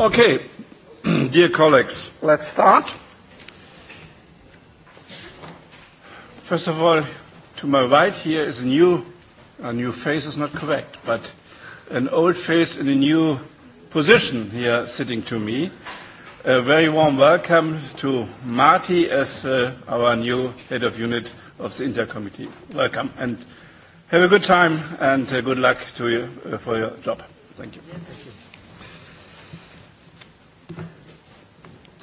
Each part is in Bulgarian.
Okay, dear colleagues, let's start. First of all, to my right here is a new, a new face is not correct, but an old face in a new position here sitting to me. A very warm welcome to Marty as uh, our new head of unit of the Intercommittee. Welcome and have a good time and uh, good luck to you uh, for your job. Thank you. Yeah, thank you.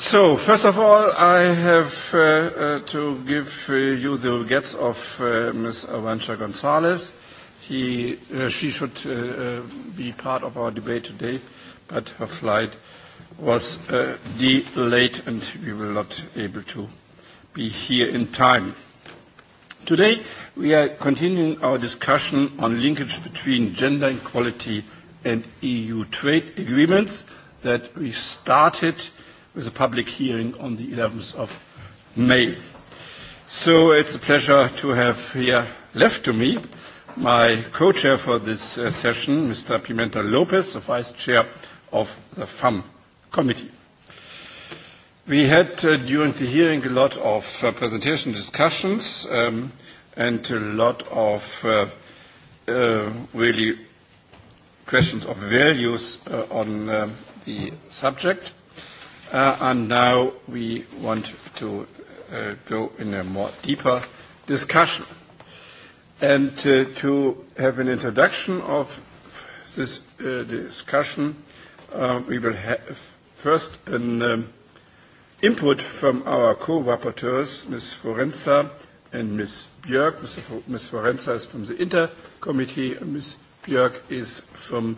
So, first of all, I have uh, uh, to give uh, you the regrets of uh, Ms. Avancha Gonzalez. He, uh, she should uh, uh, be part of our debate today, but her flight was uh, delayed and we were not able to be here in time. Today, we are continuing our discussion on linkage between gender equality and EU trade agreements that we started – with a public hearing on the 11th of May. So it's a pleasure to have here left to me my co-chair for this uh, session, Mr. Pimenta Lopez, the vice chair of the FAM committee. We had uh, during the hearing a lot of uh, presentation discussions um, and a lot of uh, uh, really questions of values uh, on uh, the subject and now we want to uh, go in a more deeper discussion. And uh, to have an introduction of this uh, discussion, uh, we will have first an um, input from our co-rapporteurs, Ms. Forenza and Ms. Björk. Ms. Forenza is from the Inter Committee and Ms. Björk is from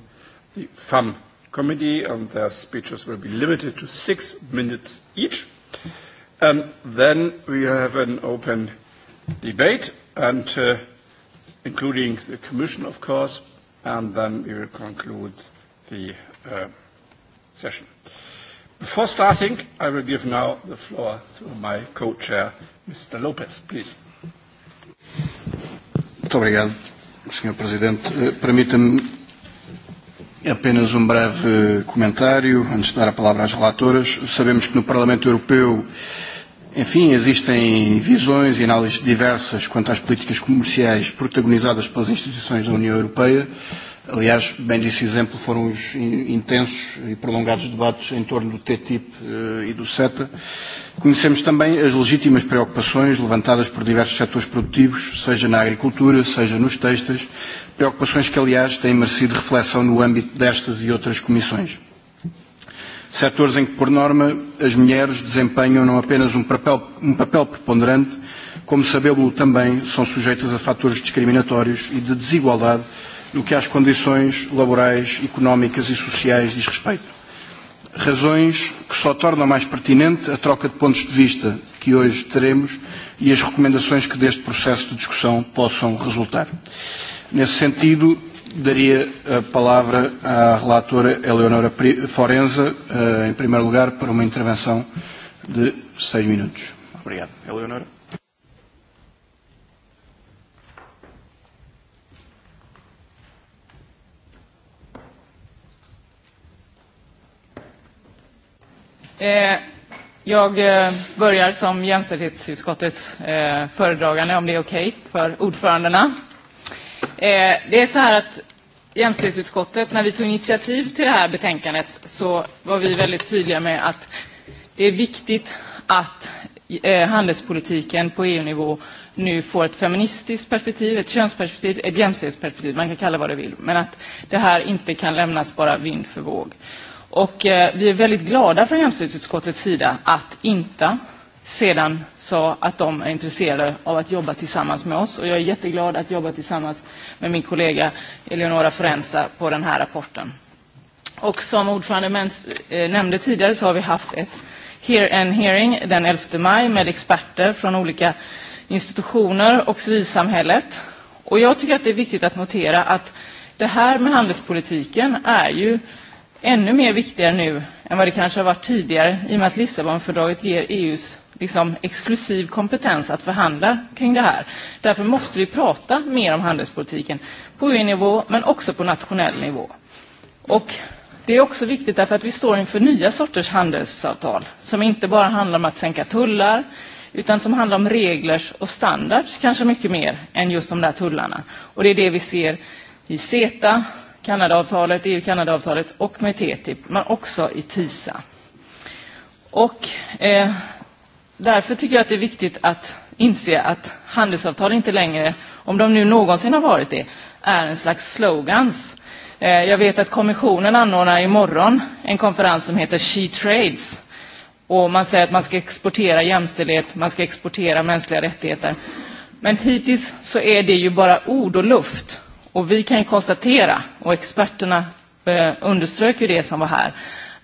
the FAM committee, and their speeches will be limited to six minutes each. And then we have an open debate, and uh, including the Commission, of course, and then we will conclude the uh, session. Before starting, I will give now the floor to my co-chair, Mr. Lopez, please. Muito obrigado, Sr. Presidente. permitam me Apenas um breve comentário, antes de dar a palavra às relatoras. Sabemos que no Parlamento Europeu, enfim, existem visões e análises diversas quanto às políticas comerciais protagonizadas pelas instituições da União Europeia. Aliás, bem disse exemplo foram os intensos e prolongados debates em torno do TTIP e do CETA. Conhecemos também as legítimas preocupações levantadas por diversos setores produtivos, seja na agricultura, seja nos textos, preocupações que, aliás, têm merecido reflexão no âmbito destas e outras comissões. Setores em que, por norma, as mulheres desempenham não apenas um papel, um papel preponderante, como sabemos também, são sujeitas a fatores discriminatórios e de desigualdade no que às condições laborais, económicas e sociais diz respeito. Razões que só tornam mais pertinente a troca de pontos de vista que hoje teremos e as recomendações que deste processo de discussão possam resultar. Nesse sentido, daria a palavra à relatora Eleonora Forenza, em primeiro lugar, para uma intervenção de seis minutos. Obrigado. Eleonora. Jag börjar som jämställdhetsutskottets föredragande, om det är okej för ordförandena. Det är så här att jämställdhetsutskottet, när vi tog initiativ till det här betänkandet så var vi väldigt tydliga med att det är viktigt att handelspolitiken på EU-nivå nu får ett feministiskt perspektiv, ett könsperspektiv, ett jämställdhetsperspektiv, man kan kalla vad det vill, men att det här inte kan lämnas bara vind för våg. Och eh, vi är väldigt glada från jämställdhetsutskottets sida att inte sedan sa att de är intresserade av att jobba tillsammans med oss. Och jag är jätteglad att jobba tillsammans med min kollega Eleonora Forenza på den här rapporten. Och som ordförande nämnde tidigare så har vi haft ett hear hearing den 11 maj med experter från olika institutioner och civilsamhället. Och jag tycker att det är viktigt att notera att det här med handelspolitiken är ju ännu mer viktiga nu än vad det kanske har varit tidigare i och med att Lissabonfördraget ger EUs liksom, exklusiv kompetens att förhandla kring det här. Därför måste vi prata mer om handelspolitiken på EU-nivå men också på nationell nivå. Och det är också viktigt därför att vi står inför nya sorters handelsavtal som inte bara handlar om att sänka tullar utan som handlar om regler och standards kanske mycket mer än just de där tullarna. Och det är det vi ser i CETA, Kanadaavtalet, EU-Kanadaavtalet och med TTIP, men också i TISA. Och eh, därför tycker jag att det är viktigt att inse att handelsavtal inte längre, om de nu någonsin har varit det, är en slags slogans. Eh, jag vet att kommissionen anordnar imorgon en konferens som heter She Trades. Och man säger att man ska exportera jämställdhet, man ska exportera mänskliga rättigheter. Men hittills så är det ju bara ord och luft. Och vi kan konstatera, och experterna underströk ju det som var här,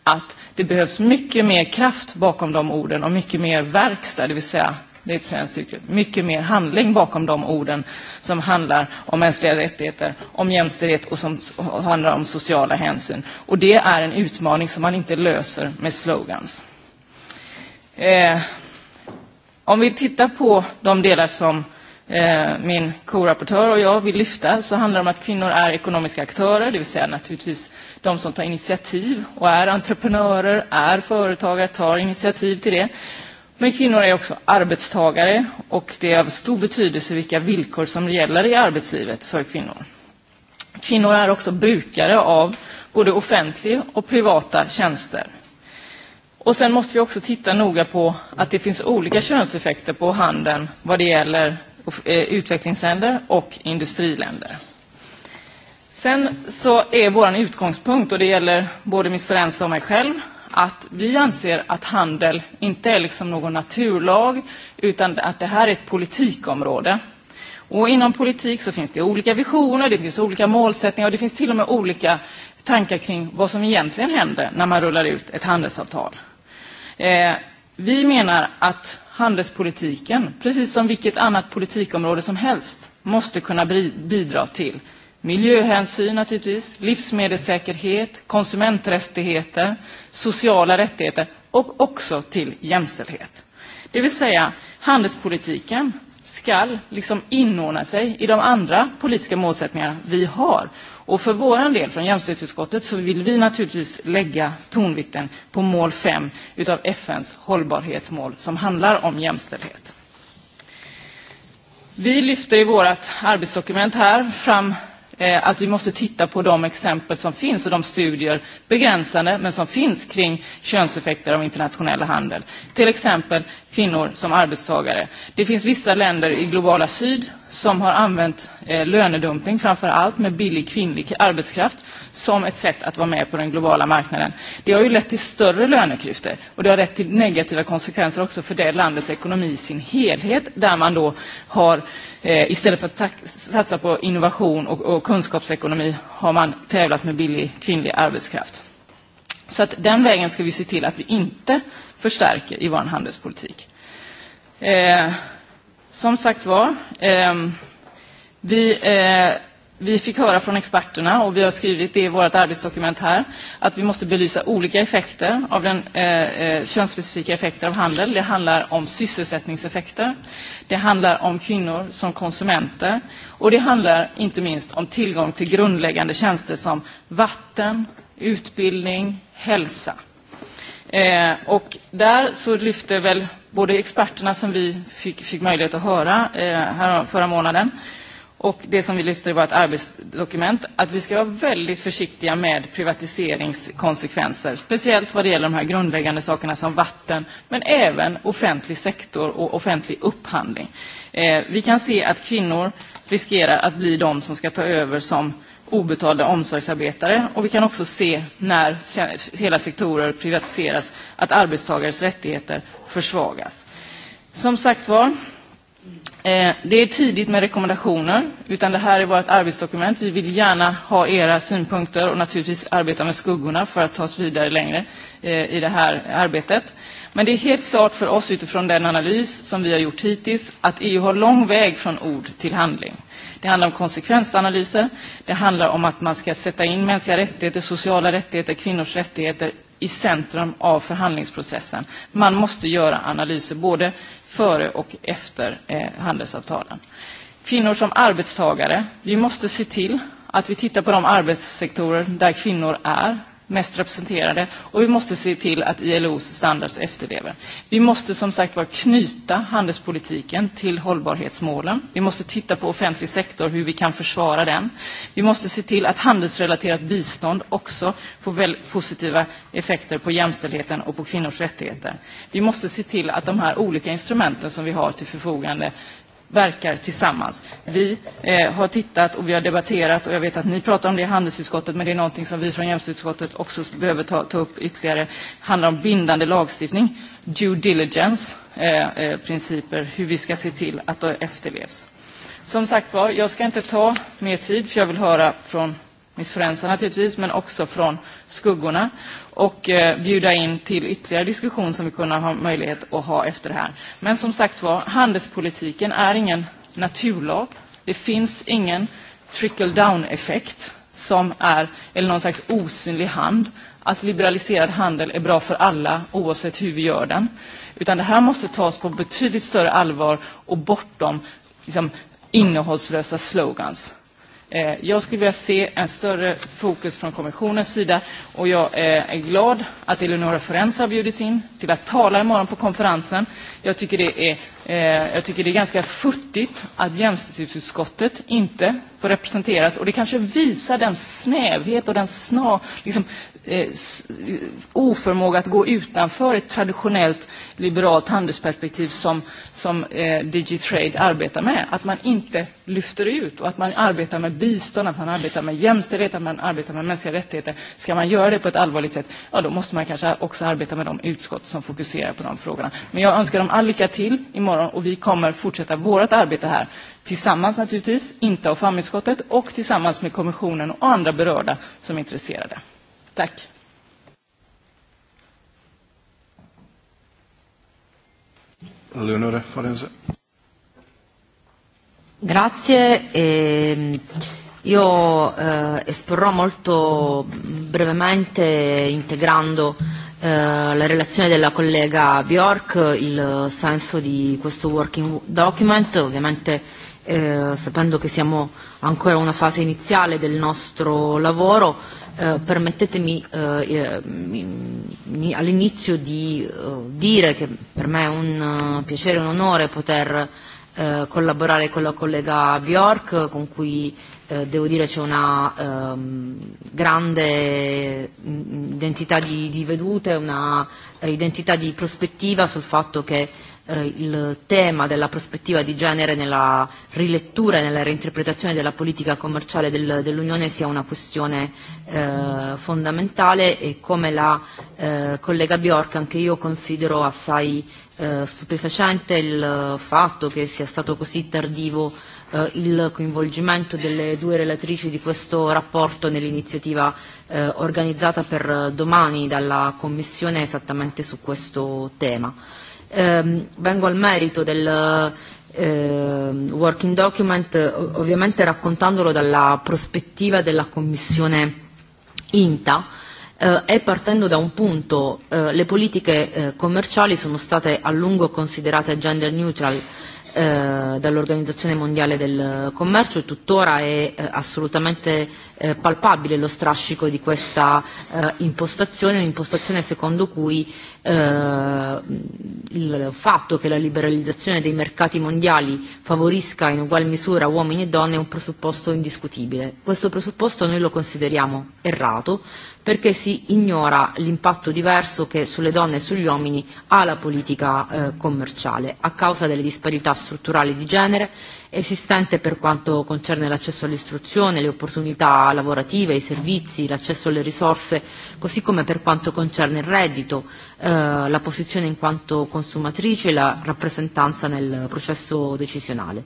att det behövs mycket mer kraft bakom de orden och mycket mer verkstad, det vill säga det är ett svenskt uttryck, mycket mer handling bakom de orden som handlar om mänskliga rättigheter, om jämställdhet och som handlar om sociala hänsyn. Och det är en utmaning som man inte löser med slogans. Eh, om vi tittar på de delar som min co-rapportör och jag vill lyfta så handlar det om att kvinnor är ekonomiska aktörer, det vill säga naturligtvis de som tar initiativ och är entreprenörer, är företagare, tar initiativ till det. Men kvinnor är också arbetstagare och det är av stor betydelse vilka villkor som gäller i arbetslivet för kvinnor. Kvinnor är också brukare av både offentliga och privata tjänster. Och sen måste vi också titta noga på att det finns olika könseffekter på handeln vad det gäller utvecklingsländer och industriländer. Sen så är vår utgångspunkt, och det gäller både Miss Ferenza och mig själv, att vi anser att handel inte är liksom någon naturlag utan att det här är ett politikområde. Och inom politik så finns det olika visioner, det finns olika målsättningar och det finns till och med olika tankar kring vad som egentligen händer när man rullar ut ett handelsavtal. Eh, vi menar att handelspolitiken, precis som vilket annat politikområde som helst, måste kunna bidra till miljöhänsyn naturligtvis, livsmedelssäkerhet, konsumenträttigheter, sociala rättigheter och också till jämställdhet. Det vill säga, handelspolitiken ska liksom inordna sig i de andra politiska målsättningar vi har. Och för vår del från jämställdhetsutskottet så vill vi naturligtvis lägga tonvikten på mål 5 utav FNs hållbarhetsmål som handlar om jämställdhet. Vi lyfter i vårt arbetsdokument här fram att vi måste titta på de exempel som finns och de studier, begränsade, men som finns kring könseffekter av internationell handel. Till exempel kvinnor som arbetstagare. Det finns vissa länder i globala syd som har använt eh, lönedumping, framför allt med billig kvinnlig arbetskraft, som ett sätt att vara med på den globala marknaden. Det har ju lett till större löneklyftor och det har lett till negativa konsekvenser också för det landets ekonomi i sin helhet, där man då har, eh, istället för att satsa på innovation och, och kunskapsekonomi, har man tävlat med billig kvinnlig arbetskraft. Så att den vägen ska vi se till att vi inte förstärker i vår handelspolitik. Eh, som sagt var, eh, vi, eh, vi fick höra från experterna och vi har skrivit det i vårt arbetsdokument här att vi måste belysa olika effekter av den eh, könsspecifika effekter av handel. Det handlar om sysselsättningseffekter, det handlar om kvinnor som konsumenter och det handlar inte minst om tillgång till grundläggande tjänster som vatten, utbildning, hälsa. Eh, och där så lyfte väl både experterna som vi fick, fick möjlighet att höra eh, här förra månaden och det som vi lyfter i vårt arbetsdokument, att vi ska vara väldigt försiktiga med privatiseringskonsekvenser, speciellt vad det gäller de här grundläggande sakerna som vatten, men även offentlig sektor och offentlig upphandling. Eh, vi kan se att kvinnor riskerar att bli de som ska ta över som obetalda omsorgsarbetare och vi kan också se när hela sektorer privatiseras att arbetstagares rättigheter försvagas. Som sagt var, det är tidigt med rekommendationer, utan det här är vårt arbetsdokument. Vi vill gärna ha era synpunkter och naturligtvis arbeta med skuggorna för att ta oss vidare längre i det här arbetet. Men det är helt klart för oss utifrån den analys som vi har gjort hittills att EU har lång väg från ord till handling. Det handlar om konsekvensanalyser. Det handlar om att man ska sätta in mänskliga rättigheter, sociala rättigheter, kvinnors rättigheter i centrum av förhandlingsprocessen. Man måste göra analyser både före och efter eh, handelsavtalen. Kvinnor som arbetstagare. Vi måste se till att vi tittar på de arbetssektorer där kvinnor är mest representerade och vi måste se till att ILOs standards efterlever. Vi måste som sagt vara knyta handelspolitiken till hållbarhetsmålen. Vi måste titta på offentlig sektor, hur vi kan försvara den. Vi måste se till att handelsrelaterat bistånd också får väl positiva effekter på jämställdheten och på kvinnors rättigheter. Vi måste se till att de här olika instrumenten som vi har till förfogande verkar tillsammans. Vi eh, har tittat och vi har debatterat och jag vet att ni pratar om det i handelsutskottet men det är någonting som vi från jämställdhetsutskottet också behöver ta, ta upp ytterligare. Det handlar om bindande lagstiftning, due diligence eh, eh, principer, hur vi ska se till att det efterlevs. Som sagt var, jag ska inte ta mer tid för jag vill höra från Miss Forensa naturligtvis men också från skuggorna och eh, bjuda in till ytterligare diskussion som vi kunde ha möjlighet att ha efter det här. Men som sagt var, handelspolitiken är ingen naturlag. Det finns ingen trickle-down-effekt som är, eller någon slags osynlig hand, att liberaliserad handel är bra för alla oavsett hur vi gör den. Utan det här måste tas på betydligt större allvar och bortom liksom, innehållslösa slogans. Jag skulle vilja se en större fokus från kommissionens sida och jag är glad att Eleonora Forens har bjudits in till att tala imorgon på konferensen. Jag tycker det är Jag tycker det är ganska futtigt att jämställdhetsutskottet inte får representeras. Och det kanske visar den snävhet och den snar, liksom, eh, oförmåga att gå utanför ett traditionellt liberalt handelsperspektiv som, som eh, Digitrade arbetar med. Att man inte lyfter ut och att man arbetar med bistånd, att man arbetar med jämställdhet, att man arbetar med mänskliga rättigheter. Ska man göra det på ett allvarligt sätt, ja då måste man kanske också arbeta med de utskott som fokuserar på de frågorna. Men jag önskar dem all lycka till imorgon imorgon och vi kommer fortsätta vårt arbete här tillsammans naturligtvis, inte av famutskottet och tillsammans med kommissionen och andra berörda som är intresserade. Tack! Leonore Forense. Grazie. Eh, io eh, esporrò molto brevemente integrando eh, la relazione della collega Bjork, il senso di questo working document, ovviamente eh, sapendo che siamo ancora in una fase iniziale del nostro lavoro, eh, permettetemi eh, all'inizio di eh, dire che per me è un piacere e un onore poter eh, collaborare con la collega Bjork, con cui eh, eh, devo dire c'è una um, grande identità di, di vedute, una identità di prospettiva sul fatto che eh, il tema della prospettiva di genere nella rilettura e nella reinterpretazione della politica commerciale del, dell'Unione sia una questione eh, fondamentale e come la eh, collega Bjork anche io considero assai eh, stupefacente il fatto che sia stato così tardivo eh, eh, il coinvolgimento delle due relatrici di questo rapporto nell'iniziativa eh, organizzata per domani dalla Commissione esattamente su questo tema. Eh, vengo al merito del eh, working document, ovviamente raccontandolo dalla prospettiva della Commissione INTA, eh, e partendo da un punto, eh, le politiche eh, commerciali sono state a lungo considerate gender neutral eh, dall'Organizzazione Mondiale del Commercio e tuttora è eh, assolutamente eh, palpabile lo strascico di questa eh, impostazione, un'impostazione secondo cui il fatto che la liberalizzazione dei mercati mondiali favorisca in ugual misura uomini e donne è un presupposto indiscutibile. Questo presupposto noi lo consideriamo errato perché si ignora l'impatto diverso che sulle donne e sugli uomini ha la politica eh, commerciale a causa delle disparità strutturali di genere esistente per quanto concerne l'accesso all'istruzione, le opportunità lavorative, i servizi, l'accesso alle risorse così come per quanto concerne il reddito, eh, la posizione in quanto consumatrice e la rappresentanza nel processo decisionale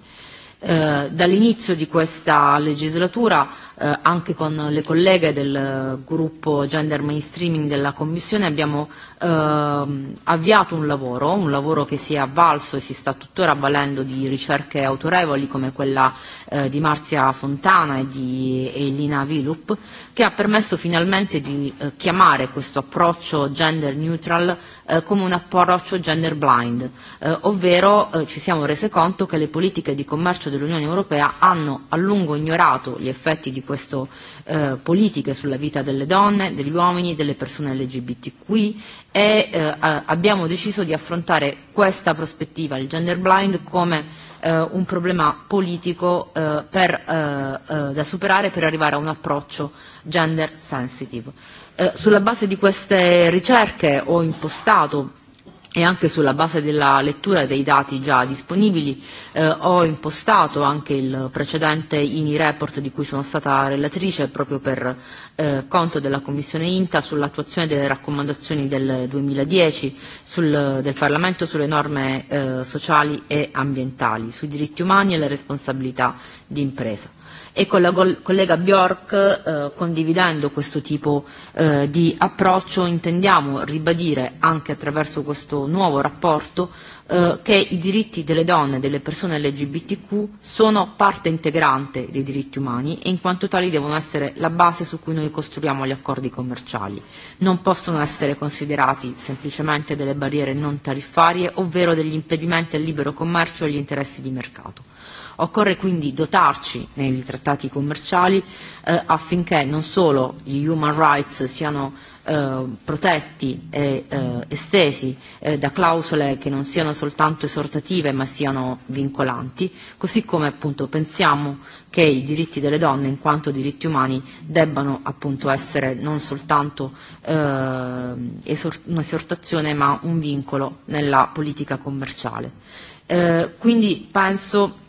eh, dall'inizio di questa legislatura, eh, anche con le colleghe del gruppo gender mainstreaming della Commissione, abbiamo eh, avviato un lavoro, un lavoro che si è avvalso e si sta tuttora avvalendo di ricerche autorevoli come quella eh, di Marzia Fontana e di Elina Vilup, che ha permesso finalmente di eh, chiamare questo approccio gender neutral come un approccio gender blind, eh, ovvero eh, ci siamo rese conto che le politiche di commercio dell'Unione Europea hanno a lungo ignorato gli effetti di queste eh, politiche sulla vita delle donne, degli uomini, delle persone LGBTQ e eh, abbiamo deciso di affrontare questa prospettiva, il gender blind, come eh, un problema politico eh, per, eh, eh, da superare per arrivare a un approccio gender sensitive sulla base di queste ricerche ho impostato e anche sulla base della lettura dei dati già disponibili eh, ho impostato anche il precedente INI report di cui sono stata relatrice proprio per eh, conto della Commissione INTA sull'attuazione delle raccomandazioni del 2010 sul, del Parlamento sulle norme eh, sociali e ambientali, sui diritti umani e le responsabilità di impresa e con la collega Bjork, eh, condividendo questo tipo eh, di approccio, intendiamo ribadire anche attraverso questo nuovo rapporto eh, che i diritti delle donne e delle persone LGBTQ sono parte integrante dei diritti umani e in quanto tali devono essere la base su cui noi costruiamo gli accordi commerciali. Non possono essere considerati semplicemente delle barriere non tariffarie, ovvero degli impedimenti al libero commercio e agli interessi di mercato. Occorre quindi dotarci nei trattati commerciali eh, affinché non solo gli human rights siano eh, protetti e eh, estesi eh, da clausole che non siano soltanto esortative ma siano vincolanti, così come appunto pensiamo che i diritti delle donne in quanto diritti umani debbano appunto essere non soltanto eh, un'esortazione ma un vincolo nella politica commerciale. Eh, quindi penso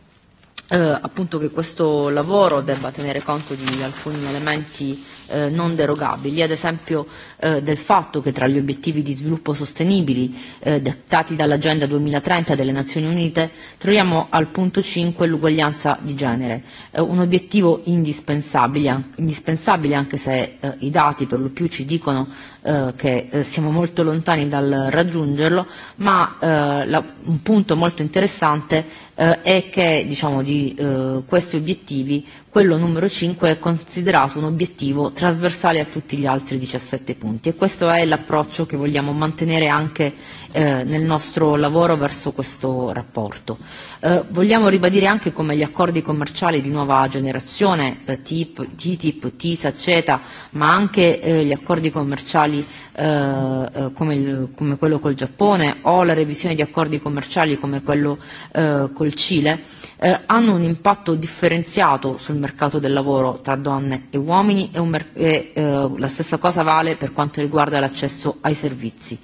eh, appunto che questo lavoro debba tenere conto di alcuni elementi eh, non derogabili, ad esempio eh, del fatto che tra gli obiettivi di sviluppo sostenibili eh, dettati dall'Agenda 2030 delle Nazioni Unite troviamo al punto 5 l'uguaglianza di genere, eh, un obiettivo indispensabile, indispensabile anche se eh, i dati per lo più ci dicono eh, che eh, siamo molto lontani dal raggiungerlo, ma eh, la, un punto molto interessante eh, è che diciamo, di eh, questi obiettivi quello numero 5 è considerato un obiettivo trasversale a tutti gli altri 17 punti e questo è l'approccio che vogliamo mantenere anche eh, nel nostro lavoro verso questo rapporto. Eh, vogliamo ribadire anche come gli accordi commerciali di nuova generazione, eh, TIP, TTIP, TISA, CETA, ma anche eh, gli accordi commerciali eh, come, il, come quello col Giappone o la revisione di accordi commerciali come quello eh, col Cile, eh, hanno un impatto differenziato sul mercato del lavoro tra donne e uomini e, un, e eh, la stessa cosa vale per quanto riguarda l'accesso ai servizi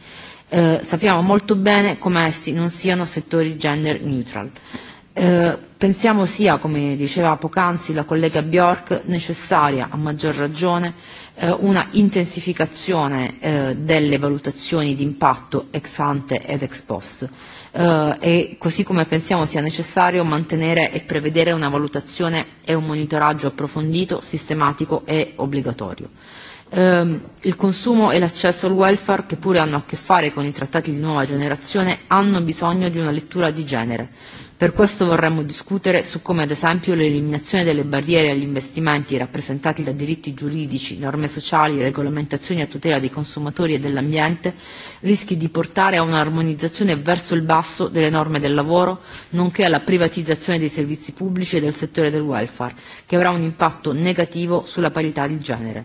eh, sappiamo molto bene come essi non siano settori gender neutral. Eh, pensiamo sia, come diceva poc'anzi la collega Bjork, necessaria a maggior ragione eh, una intensificazione eh, delle valutazioni di impatto ex ante ed ex post eh, e così come pensiamo sia necessario mantenere e prevedere una valutazione e un monitoraggio approfondito, sistematico e obbligatorio il consumo e l'accesso al welfare, che pure hanno a che fare con i trattati di nuova generazione, hanno bisogno di una lettura di genere. Per questo vorremmo discutere su come, ad esempio, l'eliminazione delle barriere agli investimenti rappresentati da diritti giuridici, norme sociali, regolamentazioni a tutela dei consumatori e dell'ambiente rischi di portare a un'armonizzazione verso il basso delle norme del lavoro, nonché alla privatizzazione dei servizi pubblici e del settore del welfare, che avrà un impatto negativo sulla parità di genere.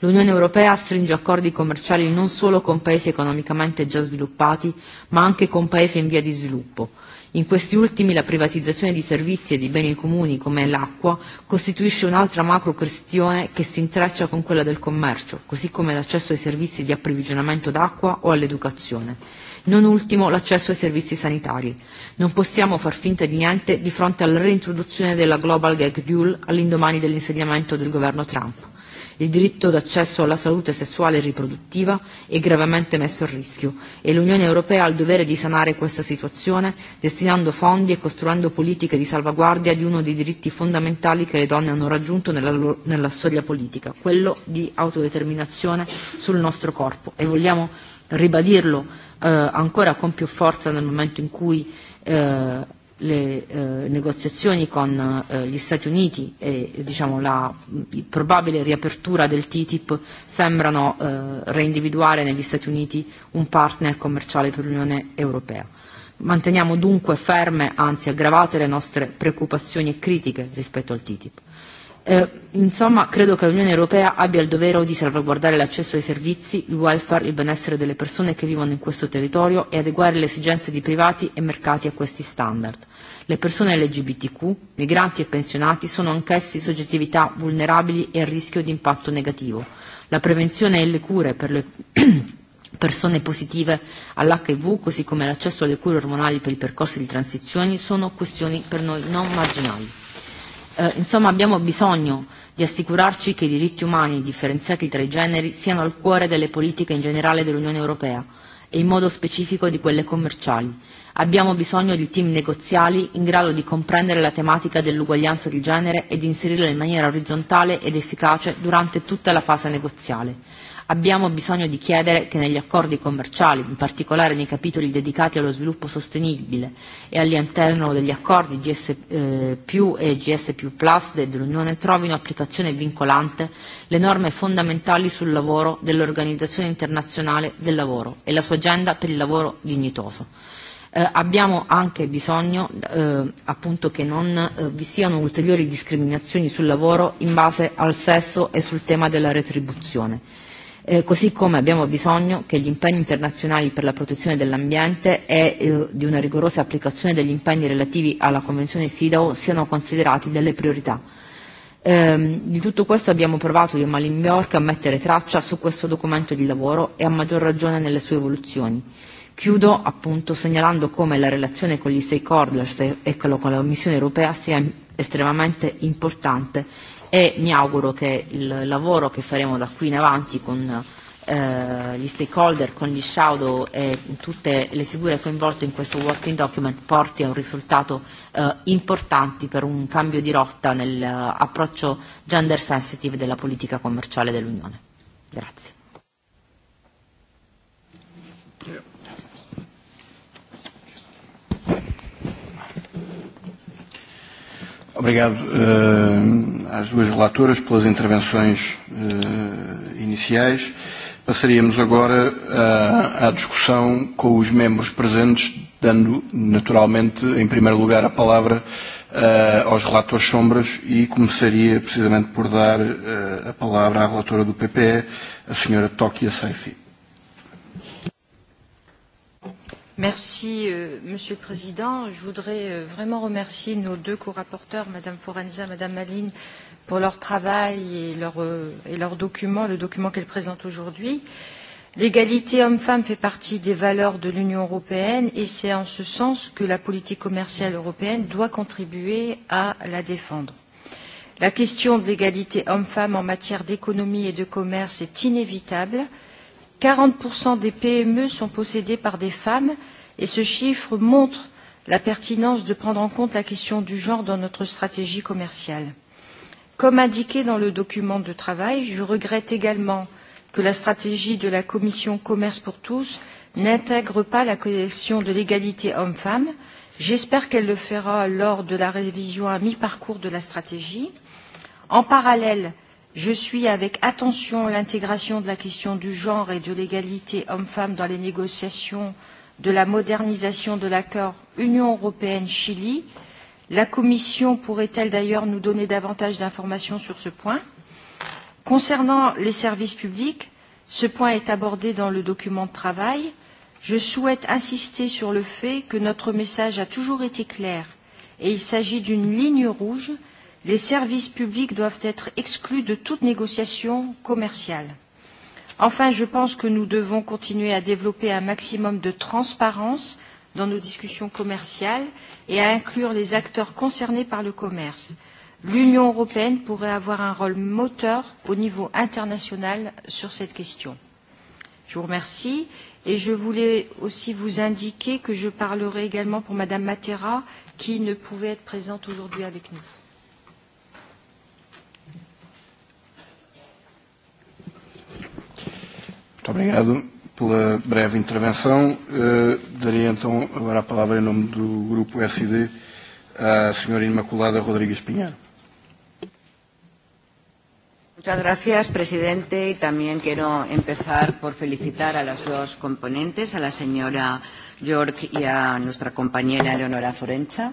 L'Unione Europea stringe accordi commerciali non solo con paesi economicamente già sviluppati, ma anche con paesi in via di sviluppo. In questi ultimi la privatizzazione di servizi e di beni comuni come l'acqua costituisce un'altra macro questione che si intreccia con quella del commercio, così come l'accesso ai servizi di approvvigionamento d'acqua o all'educazione. Non ultimo l'accesso ai servizi sanitari. Non possiamo far finta di niente di fronte alla reintroduzione della Global Gag Rule all'indomani dell'insediamento del governo Trump Il diritto d'accesso alla salute sessuale e riproduttiva è gravemente messo a rischio e l'Unione Europea ha il dovere di sanare questa situazione destinando fondi e costruendo politiche di salvaguardia di uno dei diritti fondamentali che le donne hanno raggiunto nella, loro, nella storia politica, quello di autodeterminazione sul nostro corpo. E vogliamo ribadirlo eh, ancora con più forza nel momento in cui eh, le eh, negoziazioni con eh, gli Stati Uniti e diciamo, la probabile riapertura del TTIP sembrano eh, reindividuare negli Stati Uniti un partner commerciale per l'Unione Europea. Manteniamo dunque ferme, anzi aggravate, le nostre preoccupazioni e critiche rispetto al TTIP. Eh, insomma, credo che l'Unione Europea abbia il dovere di salvaguardare l'accesso ai servizi, il welfare, il benessere delle persone che vivono in questo territorio e adeguare le esigenze di privati e mercati a questi standard. Le persone LGBTQ, migranti e pensionati sono anch'essi soggettività vulnerabili e a rischio di impatto negativo. La prevenzione e le cure per le persone positive all'HIV, così come l'accesso alle cure ormonali per i percorsi di transizione, sono questioni per noi non marginali. Eh, insomma abbiamo bisogno di assicurarci che i diritti umani differenziati tra i generi siano al cuore delle politiche in generale dell'Unione Europea e in modo specifico di quelle commerciali. Abbiamo bisogno di team negoziali in grado di comprendere la tematica dell'uguaglianza di genere e di inserirla in maniera orizzontale ed efficace durante tutta la fase negoziale. Abbiamo bisogno di chiedere che negli accordi commerciali, in particolare nei capitoli dedicati allo sviluppo sostenibile e all'interno degli accordi GS eh, e GS plus dell'Unione, trovino applicazione vincolante le norme fondamentali sul lavoro dell'Organizzazione internazionale del lavoro e la sua agenda per il lavoro dignitoso. Eh, abbiamo anche bisogno eh, appunto che non eh, vi siano ulteriori discriminazioni sul lavoro in base al sesso e sul tema della retribuzione eh, così come abbiamo bisogno che gli impegni internazionali per la protezione dell'ambiente e eh, di una rigorosa applicazione degli impegni relativi alla Convenzione SIDAO siano considerati delle priorità. Eh, di tutto questo abbiamo provato io Bjork a mettere traccia su questo documento di lavoro e a maggior ragione nelle sue evoluzioni. Chiudo appunto segnalando come la relazione con gli stakeholders e con la Commissione europea sia estremamente importante e mi auguro che il lavoro che faremo da qui in avanti con eh, gli stakeholder, con gli shadow e tutte le figure coinvolte in questo working document porti a un risultato eh, importante per un cambio di rotta nell'approccio gender sensitive della politica commerciale dell'Unione. Grazie. Yeah. Obrigado uh, às duas relatoras pelas intervenções uh, iniciais. Passaríamos agora uh, à discussão com os membros presentes, dando naturalmente, em primeiro lugar, a palavra uh, aos relatores sombras e começaria precisamente por dar uh, a palavra à relatora do PPE, a senhora Tokia Saifi. Merci, euh, Monsieur le Président. Je voudrais euh, vraiment remercier nos deux co-rapporteurs, Madame Forenza, Madame Maline, pour leur travail et leur, euh, et leur document, le document qu'elles présentent aujourd'hui. L'égalité homme-femme fait partie des valeurs de l'Union européenne et c'est en ce sens que la politique commerciale européenne doit contribuer à la défendre. La question de l'égalité homme-femme en matière d'économie et de commerce est inévitable. Euh, 40% des PME sont possédées par des femmes et ce chiffre montre la pertinence de prendre en compte la question du genre dans notre stratégie commerciale. Comme indiqué dans le document de travail, je regrette également que la stratégie de la Commission Commerce pour tous n'intègre pas la collection de l'égalité hommes-femmes. J'espère qu'elle le fera lors de la révision à mi-parcours de la stratégie. En parallèle, Je suis avec attention l'intégration de la question du genre et de l'égalité hommes-femmes dans les négociations de la modernisation de l'accord Union européenne-Chili. La Commission pourrait-elle d'ailleurs nous donner davantage d'informations sur ce point Concernant les services publics, ce point est abordé dans le document de travail. Je souhaite insister sur le fait que notre message a toujours été clair et il s'agit d'une ligne rouge – les services publics doivent être exclus de toute négociation commerciale. Enfin, je pense que nous devons continuer à développer un maximum de transparence dans nos discussions commerciales et à inclure les acteurs concernés par le commerce. L'Union européenne pourrait avoir un rôle moteur au niveau international sur cette question. Je vous remercie et je voulais aussi vous indiquer que je parlerai également pour Madame Matera qui ne pouvait être présente aujourd'hui avec nous. Muito obrigado pela breve intervenção. Uh, daria então agora a palavra em nome do Grupo SD à Sra. Inmaculada Rodrigues Pinheiro. Muchas gracias, presidente. Y también quiero empezar por felicitar a las dos componentes, a la señora York y a nuestra compañera Leonora Forencha.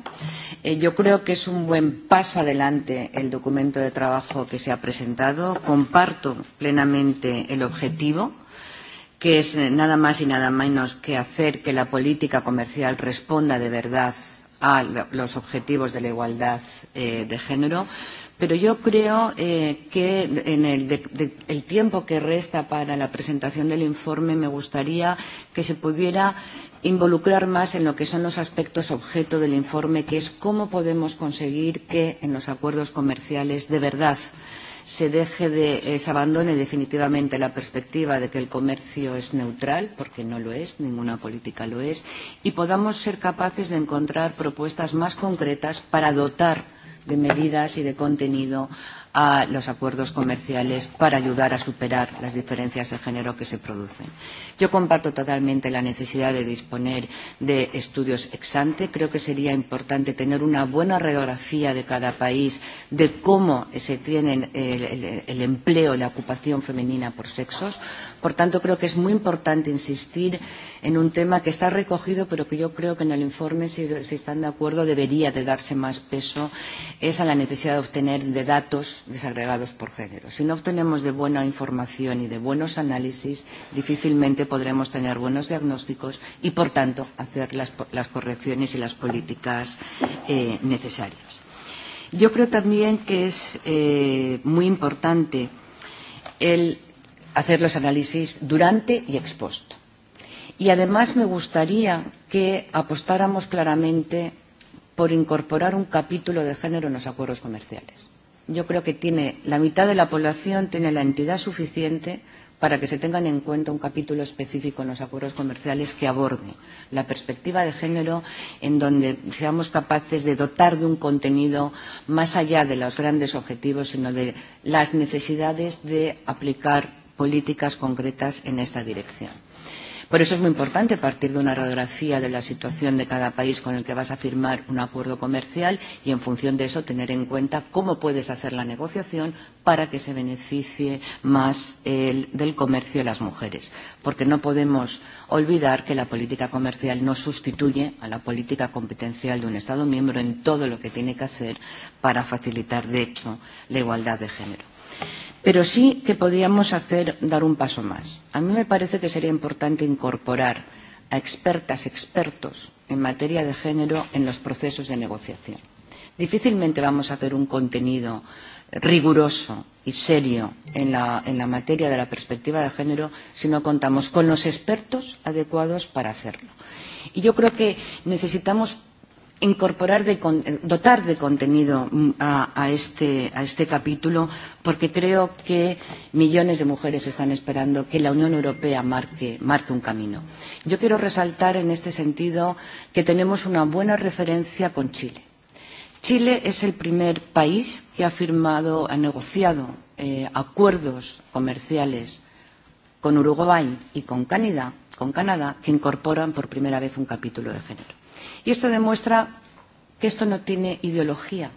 Eh, yo creo que es un buen paso adelante el documento de trabajo que se ha presentado. Comparto plenamente el objetivo que es nada más y nada menos que hacer que la política comercial responda de verdad a los objetivos de la igualdad eh, de género. Pero yo creo eh, que en el, de, de, el tiempo que resta para la presentación del informe me gustaría que se pudiera involucrar más en lo que son los aspectos objeto del informe, que es cómo podemos conseguir que en los acuerdos comerciales de verdad se deje de, se abandone definitivamente la perspectiva de que el comercio es neutral, porque no lo es, ninguna política lo es, y podamos ser capaces de encontrar propuestas más concretas para dotar de medidas y de contenido a los acuerdos comerciales para ayudar a superar las diferencias de género que se producen. Yo comparto totalmente la necesidad de disponer de estudios ex ante. Creo que sería importante tener una buena radiografía de cada país de cómo se tiene el, el, el empleo, la ocupación femenina por sexos. Por tanto, creo que es muy importante insistir en un tema que está recogido, pero que yo creo que en el informe, si, si están de acuerdo, debería de darse más peso, es a la necesidad de obtener de datos desagregados por género. Si no obtenemos de buena información y de buenos análisis, difícilmente podremos tener buenos diagnósticos y, por tanto, hacer las, las correcciones y las políticas eh, necesarias. Yo creo también que es eh, muy importante el hacer los análisis durante y expuesto. Y además me gustaría que apostáramos claramente por incorporar un capítulo de género en los acuerdos comerciales yo creo que tiene la mitad de la población tiene la entidad suficiente para que se tengan en cuenta un capítulo específico en los acuerdos comerciales que aborde la perspectiva de género, en donde seamos capaces de dotar de un contenido más allá de los grandes objetivos, sino de las necesidades de aplicar políticas concretas en esta dirección. Por eso es muy importante partir de una radiografía de la situación de cada país con el que vas a firmar un acuerdo comercial y, en función de eso, tener en cuenta cómo puedes hacer la negociación para que se beneficie más el, del comercio de las mujeres. Porque no podemos olvidar que la política comercial no sustituye a la política competencial de un Estado miembro en todo lo que tiene que hacer para facilitar, de hecho, la igualdad de género. Pero sí que podríamos hacer, dar un paso más. A mí me parece que sería importante incorporar a expertas, expertos en materia de género en los procesos de negociación. Difícilmente vamos a hacer un contenido riguroso y serio en la, en la materia de la perspectiva de género si no contamos con los expertos adecuados para hacerlo. Y yo creo que necesitamos incorporar de, dotar de contenido a, a, este, a este capítulo porque creo que millones de mujeres están esperando que la Unión Europea marque, marque un camino. Yo quiero resaltar en este sentido que tenemos una buena referencia con Chile. Chile es el primer país que ha firmado, ha negociado eh, acuerdos comerciales con Uruguay y con Canadá, con Canadá que incorporan por primera vez un capítulo de género. Y esto demuestra que esto no tiene ideología.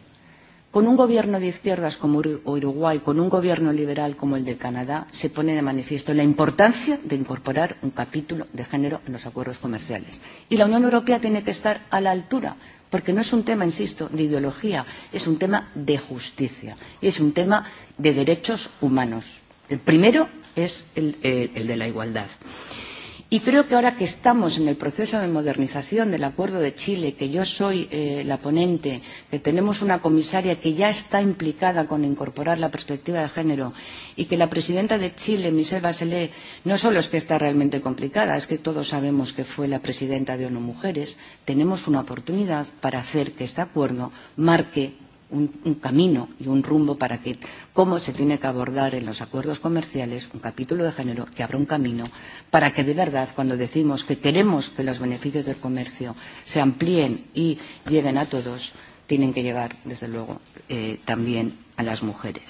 Con un gobierno de izquierdas como Uruguay, con un gobierno liberal como el de Canadá, se pone de manifiesto la importancia de incorporar un capítulo de género en los acuerdos comerciales. Y la Unión Europea tiene que estar a la altura, porque no es un tema, insisto, de ideología, es un tema de justicia, y es un tema de derechos humanos. El primero es el, el de la igualdad. Eh, Y creo que ahora que estamos en el proceso de modernización del Acuerdo de Chile, que yo soy eh, la ponente, que tenemos una comisaria que ya está implicada con incorporar la perspectiva de género y que la presidenta de Chile, Michelle Bachelet, no solo es que está realmente complicada, es que todos sabemos que fue la presidenta de ONU Mujeres, tenemos una oportunidad para hacer que este acuerdo marque un, un camino y un rumbo para que cómo se tiene que abordar en los acuerdos comerciales un capítulo de género que abra un camino para que de verdad cuando decimos que queremos que los beneficios del comercio se amplíen y lleguen a todos tienen que llegar desde luego eh, también a las mujeres.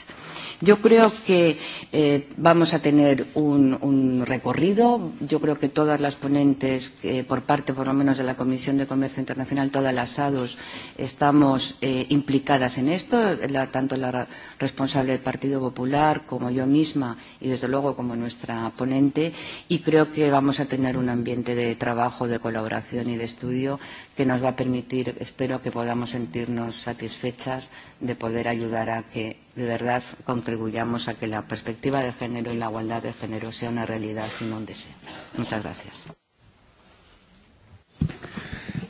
Yo creo que eh, vamos a tener un, un recorrido. Yo creo que todas las ponentes, eh, por parte por lo menos de la Comisión de Comercio Internacional, todas las SADOS, estamos eh, implicadas en esto, la, tanto la responsable del Partido Popular como yo misma y desde luego como nuestra ponente. Y creo que vamos a tener un ambiente de trabajo, de colaboración y de estudio que nos va a permitir, espero que podamos sentirnos satisfechas de poder ayudar a que de verdad contribuyamos a que la perspectiva de género y la igualdad de género sea una realidad y no un deseo. Muchas gracias.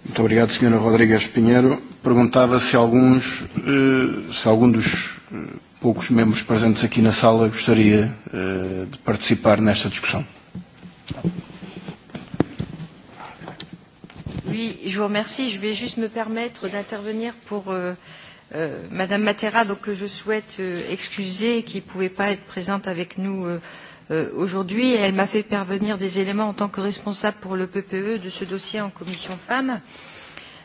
Muito obrigado, Sra. Rodrigues Pinheiro. Perguntava se alguns, se algum dos poucos membros presentes aqui na sala gostaria de participar nesta discussão. Oui, je vous remercie. Je vais juste me permettre d'intervenir pour euh, euh, Madame Matera, donc, que je souhaite euh, excuser, qui ne pouvait pas être présente avec nous euh, euh, aujourd'hui. Elle m'a fait parvenir des éléments en tant que responsable pour le PPE de ce dossier en commission femmes.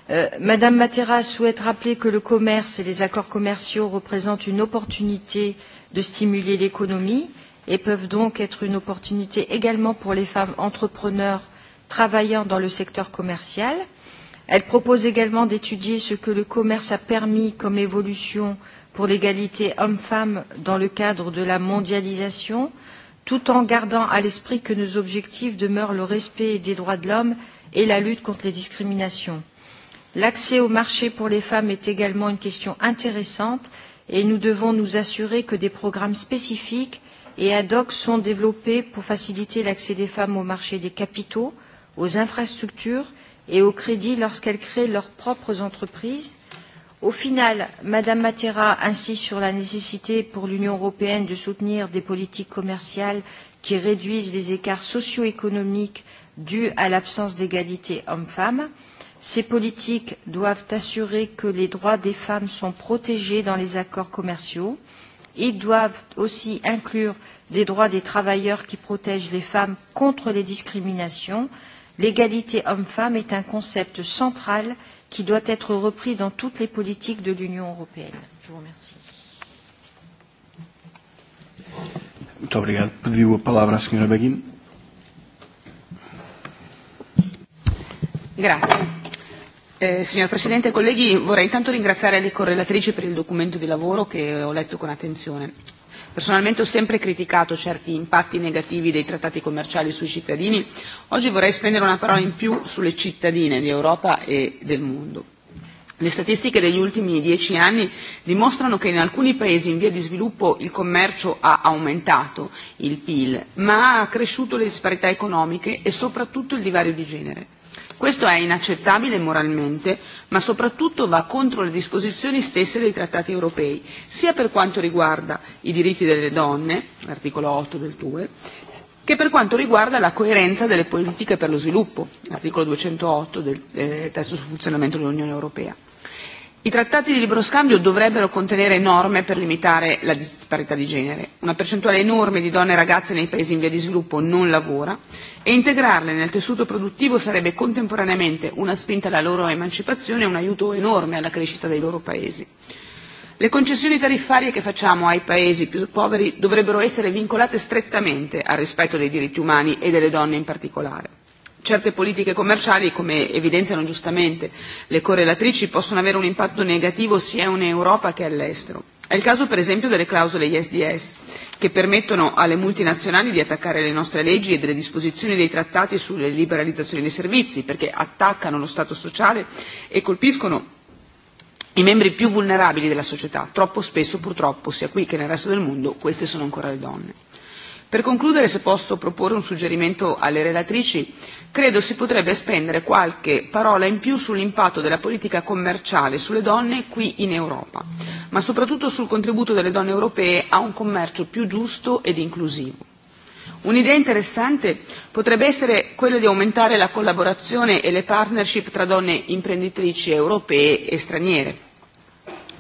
Euh, Madame Matera souhaite rappeler que le commerce et les accords commerciaux représentent une opportunité de stimuler l'économie et peuvent donc être une opportunité également pour les femmes entrepreneurs travaillant dans le secteur commercial. Elle propose également d'étudier ce que le commerce a permis comme évolution pour l'égalité hommes-femmes dans le cadre de la mondialisation, tout en gardant à l'esprit que nos objectifs demeurent le respect des droits de l'homme et la lutte contre les discriminations. L'accès au marché pour les femmes est également une question intéressante et nous devons nous assurer que des programmes spécifiques et ad hoc sont développés pour faciliter l'accès des femmes au marché des capitaux, aux infrastructures et au crédit lorsqu'elles créent leurs propres entreprises. Au final, Madame Matera insiste sur la nécessité pour l'Union européenne de soutenir des politiques commerciales qui réduisent les écarts socio-économiques dus à l'absence d'égalité hommes-femmes. Ces politiques doivent assurer que les droits des femmes sont protégés dans les accords commerciaux. Ils doivent aussi inclure des droits des travailleurs qui protègent les femmes contre les discriminations L'égalité homme-femme est un concept central qui doit être repris dans toutes les politiques de l'Union européenne. Je vous remercie. Muito obrigado. Pediu a palavra senhora Beguin. Grazie. Eh, signor Presidente, colleghi, vorrei intanto ringraziare le correlatrici per il documento di lavoro che ho letto con attenzione. Personalmente ho sempre criticato certi impatti negativi dei trattati commerciali sui cittadini. Oggi vorrei spendere una parola in più sulle cittadine di Europa e del mondo. Le statistiche degli ultimi dieci anni dimostrano che in alcuni paesi in via di sviluppo il commercio ha aumentato il PIL, ma ha cresciuto le disparità economiche e soprattutto il divario di genere. Questo è inaccettabile moralmente, ma soprattutto va contro le disposizioni stesse dei trattati europei, sia per quanto riguarda i diritti delle donne, l'articolo 8 del TUE, che per quanto riguarda la coerenza delle politiche per lo sviluppo, l'articolo 208 del eh, testo sul funzionamento dell'Unione Europea. I trattati di libero scambio dovrebbero contenere norme per limitare la disparità di genere. Una percentuale enorme di donne e ragazze nei paesi in via di sviluppo non lavora e integrarle nel tessuto produttivo sarebbe contemporaneamente una spinta alla loro emancipazione e un aiuto enorme alla crescita dei loro paesi. Le concessioni tariffarie che facciamo ai paesi più poveri dovrebbero essere vincolate strettamente al rispetto dei diritti umani e delle donne in particolare certe politiche commerciali, come evidenziano giustamente le correlatrici, possono avere un impatto negativo sia in Europa che all'estero. È il caso per esempio delle clausole ISDS, che permettono alle multinazionali di attaccare le nostre leggi e delle disposizioni dei trattati sulle liberalizzazioni dei servizi, perché attaccano lo Stato sociale e colpiscono i membri più vulnerabili della società. Troppo spesso, purtroppo, sia qui che nel resto del mondo, queste sono ancora le donne. Per concludere, se posso proporre un suggerimento alle relatrici, credo si potrebbe spendere qualche parola in più sull'impatto della politica commerciale sulle donne qui in Europa, ma soprattutto sul contributo delle donne europee a un commercio più giusto ed inclusivo. Un'idea interessante potrebbe essere quella di aumentare la collaborazione e le partnership tra donne imprenditrici europee e straniere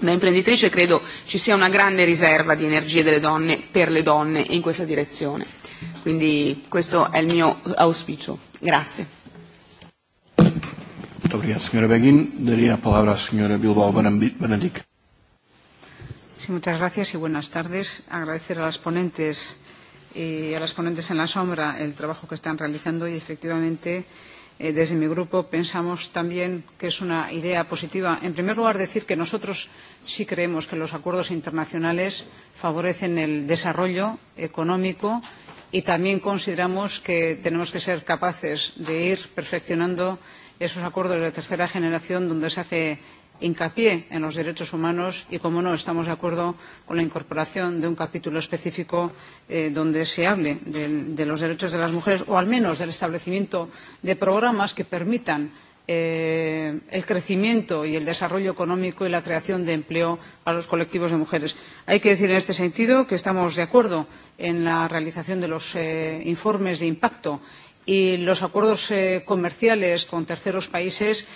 da imprenditrice credo ci sia una grande riserva di energie delle donne per le donne in questa direzione. Quindi questo è il mio auspicio. Grazie. a Sí, muchas gracias y buenas tardes. Agradecer a las ponentes y a las ponentes en la sombra el trabajo que están realizando y efectivamente desde mi grupo pensamos también que es una idea positiva. En primer lugar, decir que nosotros sí creemos que los acuerdos internacionales favorecen el desarrollo económico y también consideramos que tenemos que ser capaces de ir perfeccionando esos acuerdos de tercera generación donde se hace hincapié en los derechos humanos y, como no, estamos de acuerdo con la incorporación de un capítulo específico donde se hable de los derechos de las mujeres o, al menos, del establecimiento de programas que permitan el crecimiento y el desarrollo económico y la creación de empleo para los colectivos de mujeres. Hay que decir en este sentido que estamos de acuerdo en la realización de los informes de impacto y los acuerdos comerciales con terceros países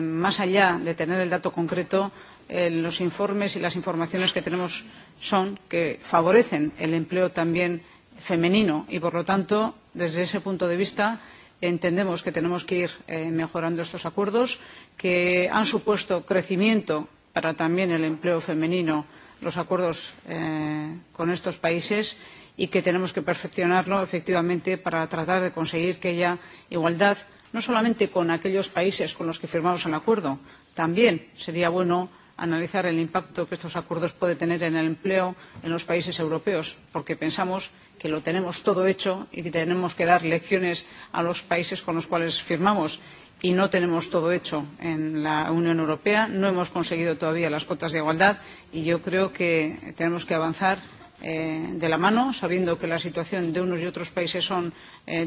más allá de tener el dato concreto, los informes y las informaciones que tenemos son que favorecen el empleo también femenino y, por lo tanto, desde ese punto de vista, entendemos que tenemos que ir mejorando estos acuerdos que han supuesto crecimiento para también el empleo femenino los acuerdos eh, con estos países y que tenemos que perfeccionarlo efectivamente para tratar de conseguir que haya igualdad no solamente con aquellos países con los que firmamos el acuerdo, también sería bueno analizar el impacto que estos acuerdos pueden tener en el empleo en los países europeos, porque pensamos que lo tenemos todo hecho y que tenemos que dar lecciones a los países con los cuales firmamos. Y no tenemos todo hecho en la Unión Europea, no hemos conseguido todavía las cuotas de igualdad y yo creo que tenemos que avanzar de la mano, sabiendo que la situación de unos y otros países son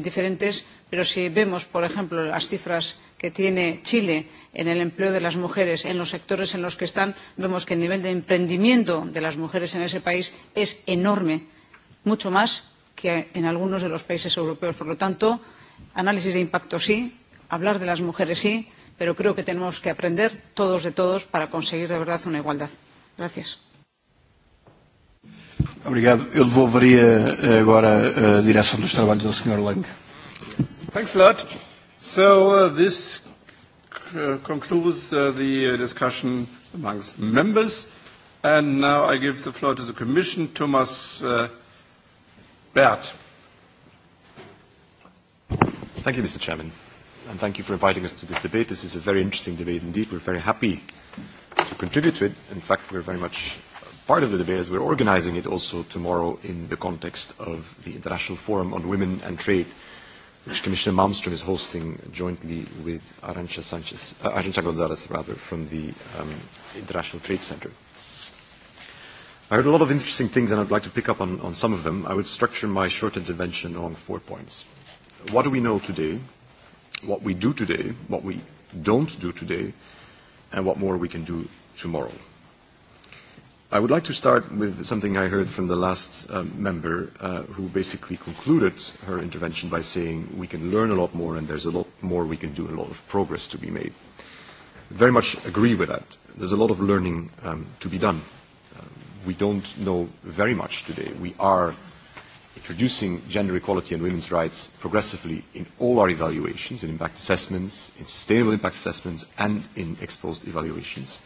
diferentes, pero si vemos, por ejemplo, las cifras que tiene Chile en el empleo de las mujeres en los sectores en los que están, vemos que el nivel de emprendimiento de las mujeres en ese país es enorme, mucho más que en algunos de los países europeos. Por lo tanto, análisis de impacto sí, hablar de las mujeres sí, pero creo que tenemos que aprender todos de todos para conseguir de verdad una igualdad. Gracias. Obrigado. Eu devolveria agora a direção dos trabalhos ao Sr. Lang. Thanks a lot. So uh, this concludes uh, the discussion amongst members. And now I give the floor to the Commission, Thomas uh, Bert. Thank you, Mr. Chairman, and thank you for inviting us to this debate. This is a very interesting debate indeed. We're very happy to contribute to it. In fact, we're very much part of the debate is we're organizing it also tomorrow in the context of the International Forum on Women and Trade, which Commissioner Malmström is hosting jointly with Arancha, Sanchez, uh, Arancha Gonzalez rather, from the um, International Trade Center. I heard a lot of interesting things and I'd like to pick up on, on some of them. I would structure my short intervention along four points. What do we know today? What we do today, what we don't do today, and what more we can do tomorrow. I would like to start with something I heard from the last um, member uh, who basically concluded her intervention by saying we can learn a lot more and there's a lot more we can do, a lot of progress to be made. Very much agree with that. There's a lot of learning um, to be done. we don't know very much today. We are introducing gender equality and women's rights progressively in all our evaluations, in impact assessments, in sustainable impact assessments, and in exposed evaluations.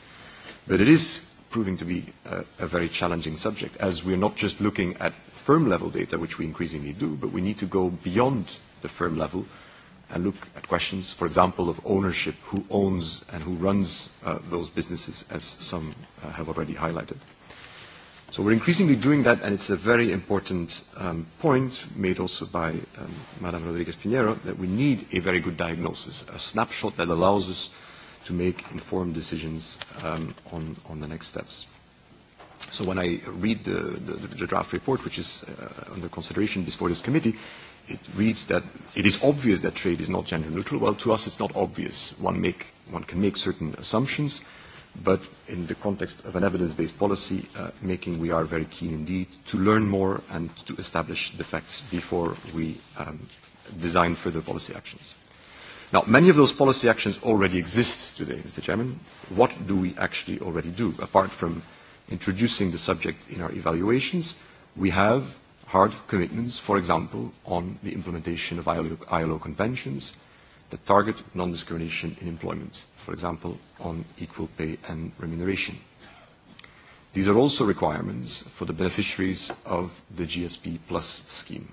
But it is proving to be a, a very challenging subject, as we're not just looking at firm-level data, which we increasingly do, but we need to go beyond the firm level and look at questions, for example, of ownership, who owns and who runs uh, those businesses, as some uh, have already highlighted. So we're increasingly doing that, and it's a very important um, point made also by um, Madame Rodriguez Pinheiro, that we need a very good diagnosis, a snapshot that allows us to make informed decisions um, on, on the next steps. So when I read the, the, the draft report, which is uh, under consideration before this committee, it reads that it is obvious that trade is not gender neutral. Well, to us, it's not obvious. One, make, one can make certain assumptions, but in the context of an evidence-based policy uh, making, we are very keen indeed to learn more and to establish the facts before we um, design further policy actions. Now, many of those policy actions already exist today, Mr. Chairman. What do we actually already do? Apart from introducing the subject in our evaluations, we have hard commitments, for example, on the implementation of ILO, ILO conventions that target non-discrimination in employment, for example, on equal pay and remuneration. These are also requirements for the beneficiaries of the GSP Plus scheme.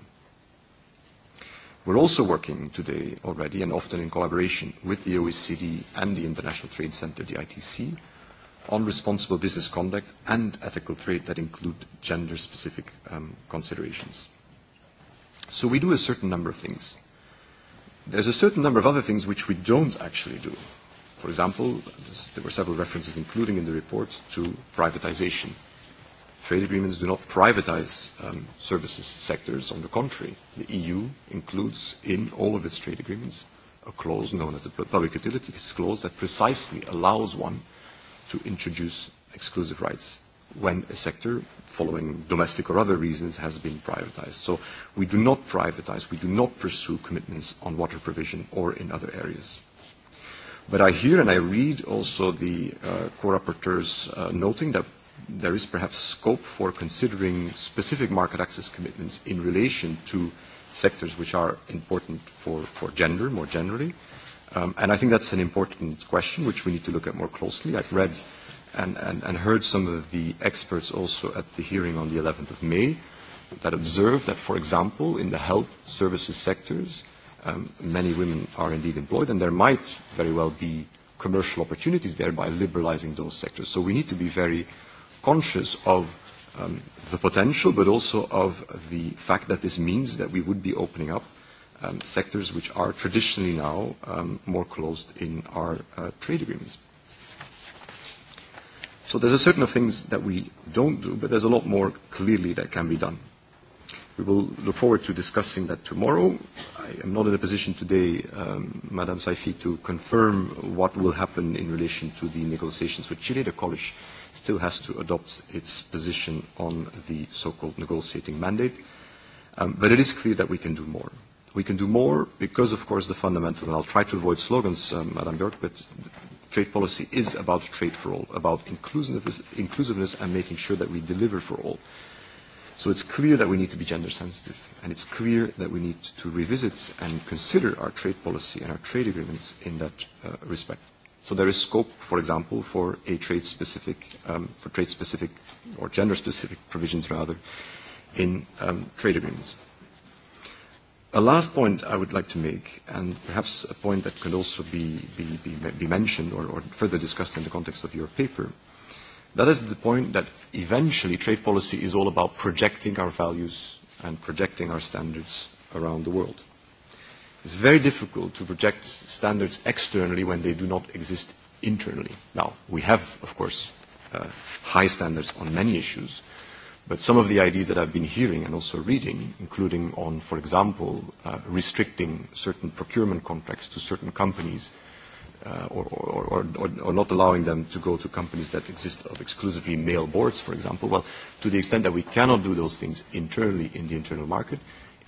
We're also working today already, and often in collaboration with the OECD and the International Trade Center, the ITC, on responsible business conduct and ethical trade that include gender-specific um, considerations. So we do a certain number of things. There's a certain number of other things which we don't actually do. For example, there were several references, including in the report, to privatization – Trade agreements do not privatize um, services sectors. On the contrary, the EU includes in all of its trade agreements a clause known as the Public Utilities Clause that precisely allows one to introduce exclusive rights when a sector, following domestic or other reasons, has been privatized. So we do not privatize, we do not pursue commitments on water provision or in other areas. But I hear and I read also the uh, co-rapporteurs uh, noting that there is perhaps scope for considering specific market access commitments in relation to sectors which are important for, for gender more generally. Um, and I think that's an important question which we need to look at more closely. I've read and, and, and heard some of the experts also at the hearing on the 11th of May that observed that, for example, in the health services sectors, um, many women are indeed employed, and there might very well be commercial opportunities there by liberalizing those sectors. So we need to be very conscious of um, the potential, but also of the fact that this means that we would be opening up um, sectors which are traditionally now um, more closed in our uh, trade agreements. So there's a certain of things that we don't do, but there's a lot more clearly that can be done. We will look forward to discussing that tomorrow. I am not in a position today, um, Madame Saifi, to confirm what will happen in relation to the negotiations with Chile. The college still has to adopt its position on the so-called negotiating mandate. Um, but it is clear that we can do more. We can do more because, of course, the fundamental, and I'll try to avoid slogans, um, Madam Björk, but trade policy is about trade for all, about inclusiveness, inclusiveness and making sure that we deliver for all. So it's clear that we need to be gender sensitive, and it's clear that we need to revisit and consider our trade policy and our trade agreements in that uh, respect. So there is scope, for example, for a trade-specific, um, for trade-specific or gender-specific provisions rather, in um, trade agreements. A last point I would like to make, and perhaps a point that could also be, be, be, be mentioned or, or further discussed in the context of your paper, that is the point that eventually trade policy is all about projecting our values and projecting our standards around the world. It's very difficult to project standards externally when they do not exist internally. Now, we have, of course, uh, high standards on many issues, but some of the ideas that I've been hearing and also reading, including on, for example, uh, restricting certain procurement contracts to certain companies uh, or, or, or, or, or not allowing them to go to companies that exist of exclusively male boards, for example, well, to the extent that we cannot do those things internally in the internal market,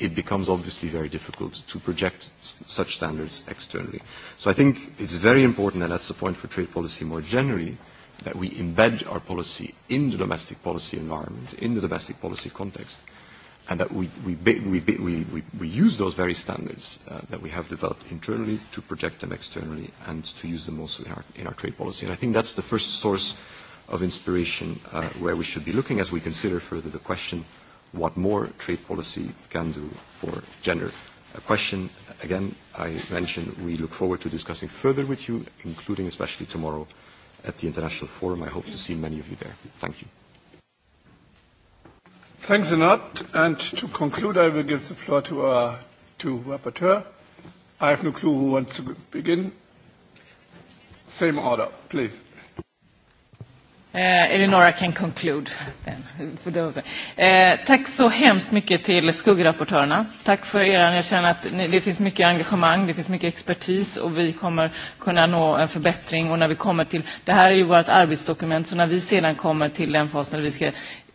it becomes obviously very difficult to project such standards externally. So I think it's very important, and that's the point for trade policy more generally, that we embed our policy in the domestic policy environment, in the domestic policy context, and that we, we, we, we, we, we use those very standards uh, that we have developed internally to project them externally and to use them also in our, in our trade policy. And I think that's the first source of inspiration uh, where we should be looking as we consider further the question – what more trade policy can do for gender. A question, again, I mentioned we look forward to discussing further with you, including especially tomorrow at the International Forum. I hope to see many of you there. Thank you. Thanks a lot. And to conclude, I will give the floor to our to rapporteur. I have no clue who wants to begin. Same order, please. Eh, Eleonora kan conclude. Eh, tack så hemskt mycket till skuggrapportörerna. Tack för er. Jag känner att ni, det finns mycket engagemang, det finns mycket expertis och vi kommer kunna nå en förbättring. Och när vi kommer till, det här är ju vårt arbetsdokument, så när vi sedan kommer till den fas när vi ska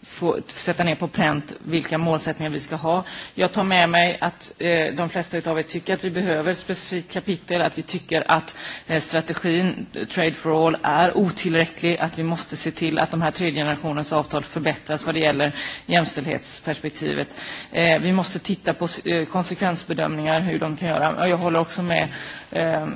få, sätta ner på pränt vilka målsättningar vi ska ha. Jag tar med mig att eh, de flesta av er tycker att vi behöver ett specifikt kapitel, att vi tycker att eh, strategin Trade for All är otillräcklig, att vi måste se till att de här tredje generationens avtal förbättras vad det gäller jämställdhetsperspektivet. Eh, vi måste titta på eh, konsekvensbedömningar, hur de kan göra. Jag håller också med eh,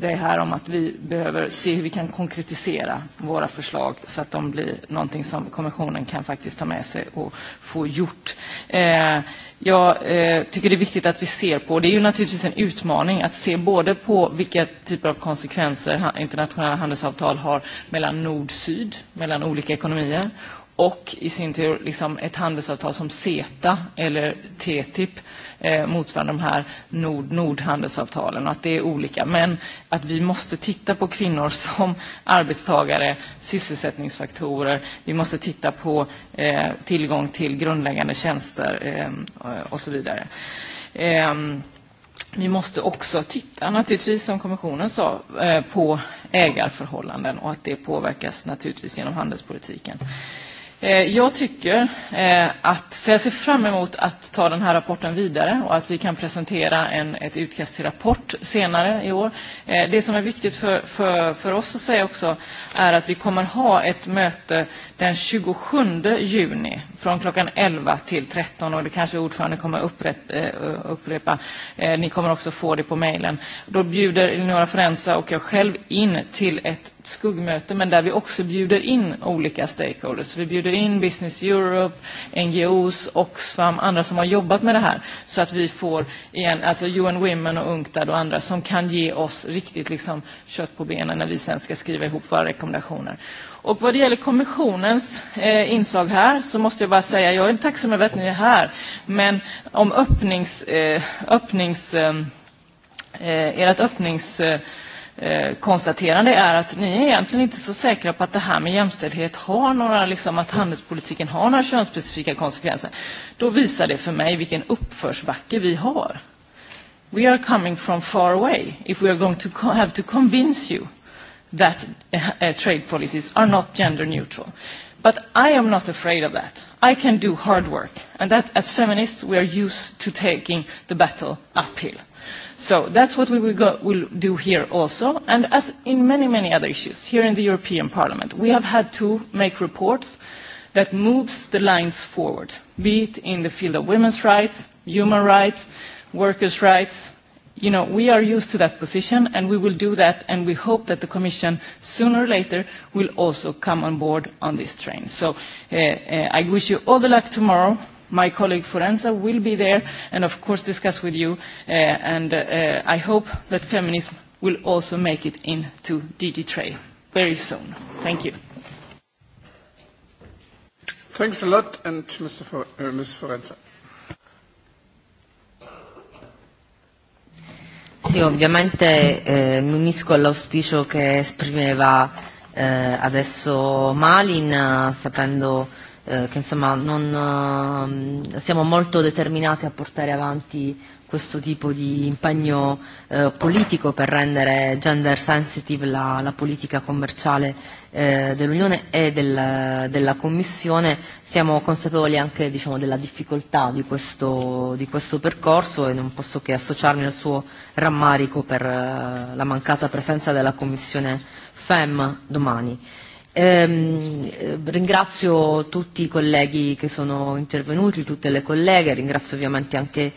det här om att vi behöver se hur vi kan konkretisera våra förslag så att de blir någonting som kommissionen kan faktiskt ta med sig och få gjort. Eh, jag eh, tycker det är viktigt att vi ser på, det är ju naturligtvis en utmaning att se både på vilka typer av konsekvenser internationella handelsavtal har mellan nord-syd, mellan olika ekonomier och i sin tur liksom ett handelsavtal som CETA eller TTIP eh, motsvarande de här nord-nord-handelsavtalen och att det är olika. Men att vi måste titta på kvinnor som arbetstagare, sysselsättningsfaktorer, vi måste titta på eh, tillgång till grundläggande tjänster eh, och så vidare. Eh, vi måste också titta, naturligtvis som kommissionen sa, på ägarförhållanden och att det påverkas naturligtvis genom handelspolitiken. Eh, Jag tycker att, så jag ser fram emot att ta den här rapporten vidare och att vi kan presentera en, ett utkast till rapport senare i år. Det som är viktigt för, för, för oss att säga också är att vi kommer ha ett möte den 27 juni från klockan 11 till 13 och det kanske ordförande kommer upprätt, eh, upprepa. Eh, ni kommer också få det på mejlen. Då bjuder Eleonora Forensa och jag själv in till ett skuggmöte men där vi också bjuder in olika stakeholders. Vi bjuder in Business Europe, NGOs, Oxfam, andra som har jobbat med det här så att vi får igen, alltså UN Women och UNCTAD och andra som kan ge oss riktigt liksom kött på benen när vi sen ska skriva ihop våra rekommendationer. Och vad det gäller kommissionens eh, inslag här så måste jag bara säga, jag är inte tacksam över att ni är här, men om öppnings, eh, öppnings, eh, ert öppningskonstaterande eh, är att ni är egentligen inte så säkra på att det här med jämställdhet har några, liksom att handelspolitiken har några könsspecifika konsekvenser. Då visar det för mig vilken uppförsbacke vi har. We are coming from far away if we are going to have to convince you that uh, trade policies are not gender neutral. But I am not afraid of that. I can do hard work, and that as feminists we are used to taking the battle uphill. So that's what we will, go, will do here also, and as in many, many other issues here in the European Parliament, we have had to make reports that moves the lines forward, be it in the field of women's rights, human rights, workers' rights, you know, we are used to that position, and we will do that, and we hope that the Commission, sooner or later, will also come on board on this train. So uh, uh, I wish you all the luck tomorrow. My colleague Forenza will be there and, of course, discuss with you. Uh, and uh, I hope that feminism will also make it into DG Trade very soon. Thank you. Thanks a lot, and Mr. For, uh, Ms. Forenza. Sì, ovviamente eh, mi unisco all'auspicio che esprimeva eh, adesso Malin, sapendo eh, che insomma non, eh, siamo molto determinati a portare avanti questo tipo di impegno eh, politico per rendere gender sensitive la, la politica commerciale eh, dell'Unione e del, della Commissione. Siamo consapevoli anche diciamo, della difficoltà di questo, di questo percorso e non posso che associarmi al suo rammarico per eh, la mancata presenza della Commissione FEM domani. Ehm, ringrazio tutti i colleghi che sono intervenuti, tutte le colleghe, ringrazio ovviamente anche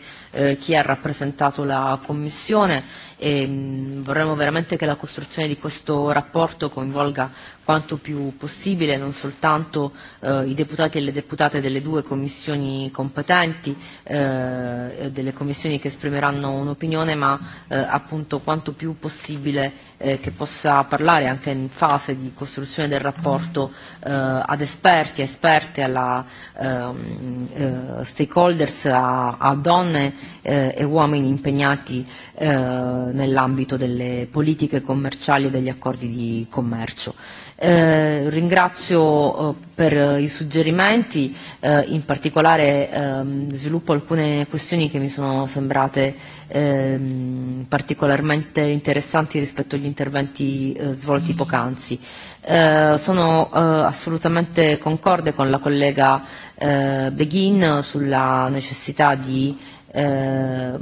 chi ha rappresentato la Commissione e mh, vorremmo veramente che la costruzione di questo rapporto coinvolga quanto più possibile non soltanto eh, i deputati e le deputate delle due commissioni competenti, eh, delle commissioni che esprimeranno un'opinione, ma eh, appunto quanto più possibile eh, che possa parlare anche in fase di costruzione del rapporto eh, ad esperti, esperte, alla eh, eh, stakeholders, a, a donne eh, e uomini impegnati eh, nell'ambito delle politiche commerciali e degli accordi di commercio. Eh, ringrazio eh, per i suggerimenti, eh, in particolare ehm, sviluppo alcune questioni che mi sono sembrate ehm, particolarmente interessanti rispetto agli interventi eh, svolti poc'anzi. Eh, sono eh, assolutamente concorde con la collega eh, Beghin sulla necessità di eh,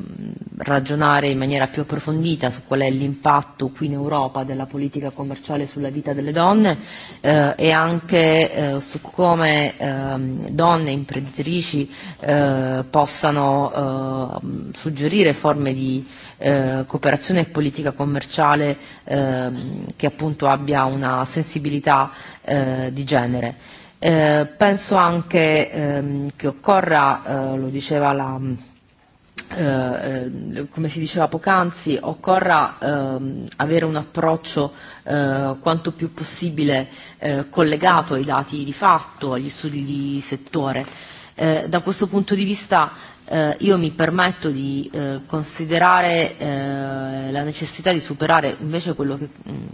ragionare in maniera più approfondita su qual è l'impatto qui in Europa della politica commerciale sulla vita delle donne eh, e anche eh, su come eh, donne imprenditrici eh, possano eh, suggerire forme di eh, cooperazione e politica commerciale eh, che appunto abbia una sensibilità eh, di genere. Eh, penso anche ehm, che occorra, eh, lo diceva la eh, come si diceva poc'anzi, occorra eh, avere un approccio eh, quanto più possibile eh, collegato ai dati di fatto, agli studi di settore. Eh, da questo punto di vista eh, io mi permetto di eh, considerare eh, la necessità di superare invece quello che mh,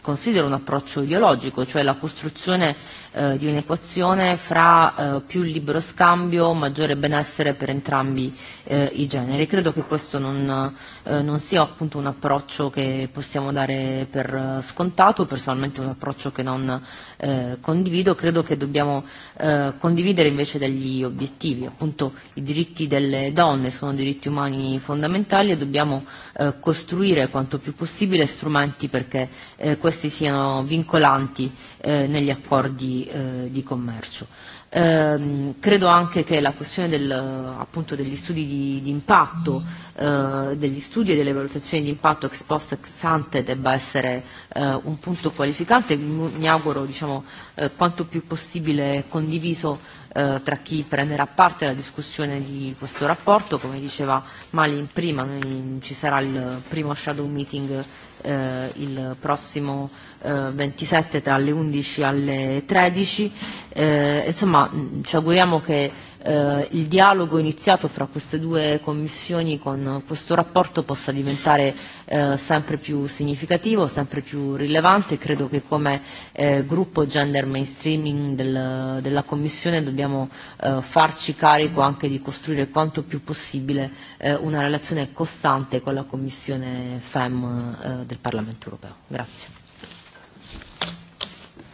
considero un approccio ideologico, cioè la costruzione di un'equazione fra eh, più libero scambio, maggiore benessere per entrambi eh, i generi. Credo che questo non, eh, non sia appunto un approccio che possiamo dare per scontato, personalmente un approccio che non eh, condivido, credo che dobbiamo eh, condividere invece degli obiettivi, appunto i diritti delle donne sono diritti umani fondamentali e dobbiamo eh, costruire quanto più possibile strumenti perché eh, questi siano vincolanti eh, negli accordi eh, di commercio. Eh, credo anche che la questione del, appunto, degli studi di, di impatto, eh, degli studi e delle valutazioni di impatto ex post ex ante debba essere eh, un punto qualificante, mi auguro diciamo, eh, quanto più possibile condiviso eh, tra chi prenderà parte alla discussione di questo rapporto. Come diceva Malin prima, noi, ci sarà il primo shadow meeting eh, il prossimo eh, 27 tra le 11 alle 13. Eh, insomma, ci auguriamo che eh, eh, il dialogo iniziato fra queste due commissioni con questo rapporto possa diventare eh, sempre più significativo, sempre più rilevante. Credo che come eh, gruppo gender mainstreaming del, della Commissione dobbiamo eh, farci carico anche di costruire quanto più possibile eh, una relazione costante con la Commissione FEM eh, del Parlamento europeo. Grazie.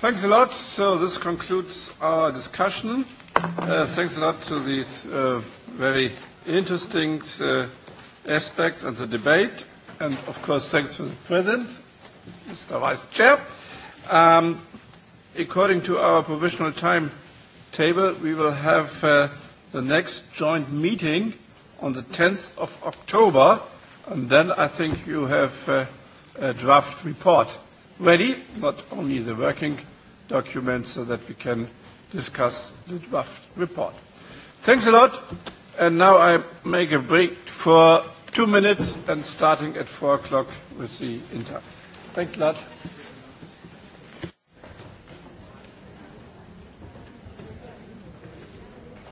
Thanks a lot. So this concludes our discussion. Uh, thanks a lot to these uh, very interesting uh, aspects and the debate. And of course, thanks for the presence, Mr. Vice Chair. Um, according to our provisional timetable, we will have uh, the next joint meeting on the 10th of October, and then I think you have uh, a draft report ready, not only the working documents, so that we can discuss the draft report. Thanks a lot. And now I make a break for two minutes and starting at four o'clock with the inter. Thanks a lot.